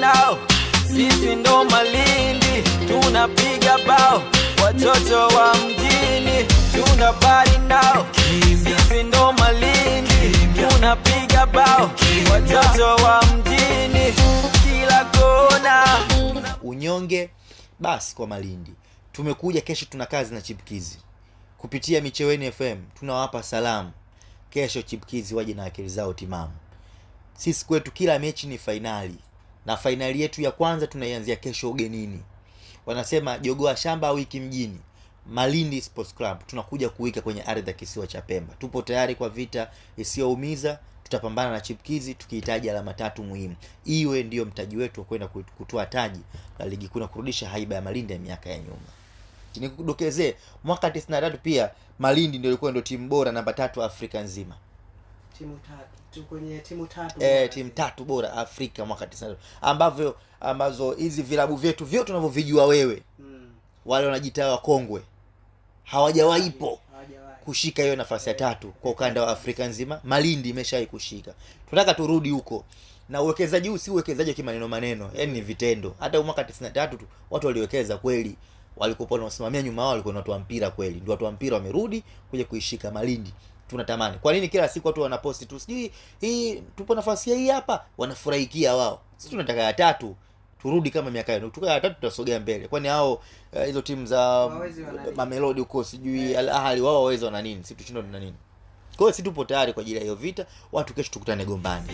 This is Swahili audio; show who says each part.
Speaker 1: nao sisi ndo Malindi, tunapiga bao watoto wa mjini. nao sisi ndo Malindi, tunapiga bao watoto wa mjini, kila kona unyonge. Basi kwa Malindi tumekuja, kesho tuna kazi na Chipukizi kupitia Micheweni FM tunawapa salamu. Kesho chipkizi waje na akili zao timamu. Sisi kwetu kila mechi ni fainali, na fainali yetu ya kwanza tunaianzia kesho ugenini. Wanasema jogoa shamba wiki mjini. Malindi Sports Club tunakuja kuwika kwenye ardhi ya kisiwa cha Pemba. Tupo tayari kwa vita isiyoumiza. Tutapambana na chipkizi tukihitaji alama tatu muhimu, iwe ndiyo mtaji wetu wa kwenda kutoa taji la ligi kuu na kurudisha haiba ya Malindi ya miaka ya nyuma nikudokezee mwaka tisini na tatu pia Malindi ndio ilikuwa ndio timu bora namba tatu Afrika nzima
Speaker 2: timu tatu, kwenye timu tatu,
Speaker 1: e, timu tatu bora Afrika mwaka tisini na tatu ambavyo ambazo hizi vilabu vyetu vyote unavyovijua wewe mm. wale wanajitaa wakongwe hawajawaipo kushika hiyo nafasi ya eh, tatu kwa eh, ukanda wa Afrika nzima. Malindi imeshawai kushika, tunataka turudi huko na uwekezaji huu si uwekezaji wa kimaneno maneno, yani ni vitendo. Hata mwaka tisini na tatu tu watu waliwekeza kweli walikuwa wanasimamia nyuma wao walikuwa ni watu wa mpira kweli, ndio watu wa mpira wamerudi kuja kuishika Malindi. Tunatamani kwa nini kila siku watu wanaposti tu sijui hii tupo nafasi hii hapa, wanafurahikia wao. Sisi tunataka ya tatu turudi kama miaka hiyo, tukaa ya tatu tutasogea mbele, kwani hao eh, hizo uh, timu za Mamelodi huko sijui yeah. Al Ahly wao waweza wana nini? Sisi tushindwa na nini? Kwa hiyo sisi tupo tayari kwa ajili ya hiyo vita. Watu kesho tukutane Gombani.